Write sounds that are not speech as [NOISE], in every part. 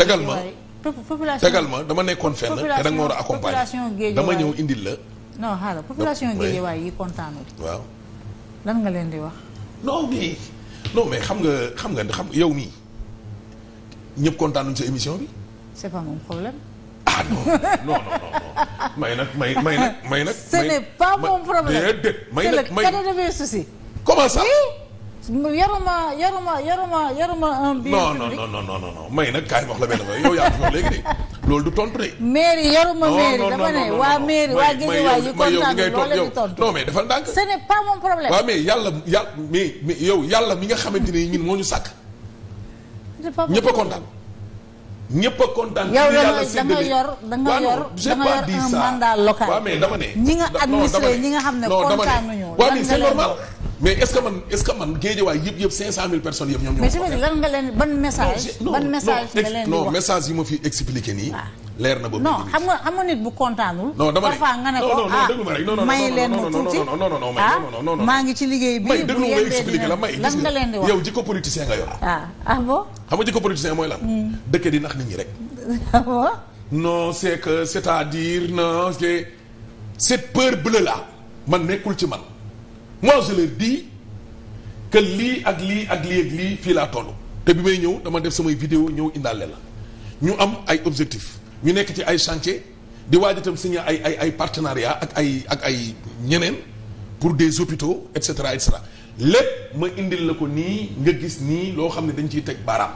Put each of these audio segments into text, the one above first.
tegal ma tegal dama nekkoon fenn te da nga war a accompagner dama ñëw indil la non xaaral population Guédiawaye yi kontaanul waaw lan nga leen di wax non mais non mais xam nga xam nga xam yow mii ñëpp kontaanuñ sa émission bi c'est pas mon problème ah non non non non may nag may may nag may nag ce n'est pas mon problème déedéet may nag c'est le cadet de mes soucis comment yaruma yaruma yaruma yaruma un biir. non non non non non non may nag kaay ma léegi de loolu du tontu de. mairie yaruma mairie dama ne waa mairie waa Guédiawaye yi kontaan na loolu la ñu tontu non mais dafa ndànk. yàlla yàlla mais yow yàlla mi nga xamante ne ñun moo ñu sàkk. ñëpp a kontaan. ñëpp a kontaan. yow da nga yor da da nga yor un mandat local. waaw mais dama ne. ñi nga administré ñi nga xam ne kontaanuñu. lan nga leen wax mais est-ce que man est-ce que man Guédiawaay yëpp yëpp 500000 personnes ñoom ñoo. mais je lan nga leen ban message. ban message nga leen di wax non message yi ma fi expliqué nii. Ah. leer na boobu non xam nga xam nga nit bu kontaanul. non dama ne parfois nga ne ko ah may leen ma tuuti non non non non non maa ngi ci liggéey bi may déglu nga expliqué la may lan nga leen di wax yow jikko politicien nga yor. ah ah xam nga jikko politicien mooy lan. Hmm. dëkk di nax nit ñi rek. [LAUGHS] Ah, non c'est que c'est-à-dire man. moi je leur dis lii ak lii ak lii ak lii fii laa toll te bi may ñëw dama def samay vidéo ñëw indaale la ñu am ay objectif ñu nekk ci ay chance di waaj itam signé ay ay ay partenariat ak ay ak ay ñeneen pour des hôpitaux et cetera et lépp ma indil la ko nii nga gis nii loo xam ne dañ ciy teg baaraam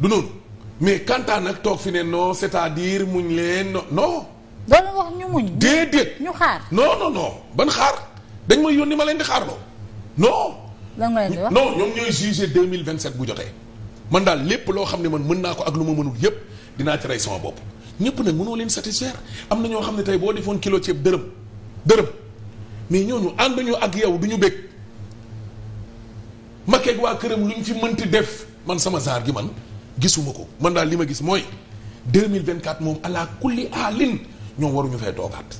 du noonu mais kantaan à nag toog fi ne non cest à mu muñ leen non doon wax ñu muñ. déedéet ñu xaar. non no non ban xaar dañ ma ni ma leen di xaarloo non. lan nga leen di wax non ñoom ñooy jugé 2027 bu jotee man daal lépp loo xam ne man mën naa ko ak lu ma mënul yépp dinaa ci rey sama bopp ñëpp nag mënoo leen satisfaire am na ñoo xam ne tey boo defoon kilo ceeb dërëm dërëm mais ñooñu ànd ñu ak yow du ñu bëgg makeeg waa këram lu ñu fi mënti def man sama zaar gi man gisuma ko man daal li ma gis mooy 2024 moom ala kulli aalin ñoom waruñu fay toogaat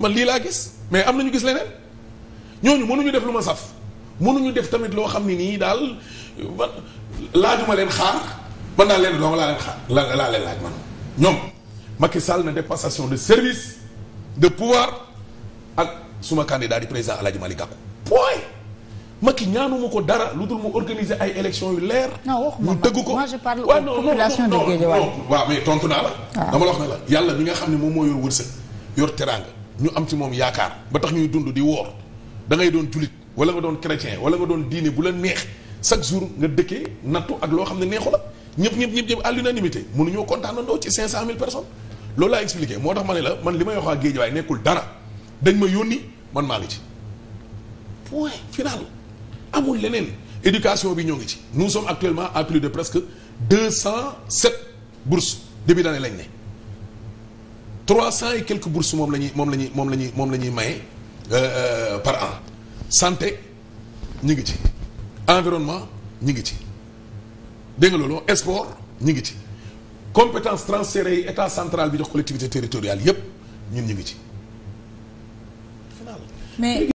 man lii laa gis mais am na ñu gis leneen ñooñu mënuñu def lu ma saf mënuñu def tamit loo xam ne nii daal man laajuma leen xaar man naa leen doon laa leen xaar la laa leen laaj man ñoom Macky Sall na def passation de service de pouvoir ak suma candidat di président El Hadj Malick Gakou Macky ñaanuma ko dara lu dul mu organiser ay élections yu leer. non waxuma ma dëgg ko moi je parle aux populations de Guédiawaye waaw la. Ah. dama la wax ne yàlla mi nga xam ne moom moo yor wërsëg yor teraanga ñu am ci moom yaakaar ba tax ñuy dund di woor da doon julit wala nga doon chrétien wala nga doon diine bu la neex chaque jour nga dëkkee nattu ak loo xam ne neexu la ñëpp ñëpp ñëpp ñëpp à l'unanimité mënuñoo kontaanandoo ci 500000 personnes. loolu laa expliqué moo tax ma ne la man li may wax waa Guédiawaye nekkul dara dañ ma yónni man maa ngi ci point amul leneen éducation bi ñoo ngi ci nous sommes actuellement à plus de presque deux cent sept bourses début d'année lañ ne trois cent et quelques bourses moom la ñuy moom lañuy moom la ñuy moom la ñuy maye euh, euh, par an santé ñu ngi ci environnement ñu ngi ci dégg nga loolu sport ñu ngi ci compétence transférée yi état centrale bi jox collectivité territoriale yépp ñun ñu ngi ci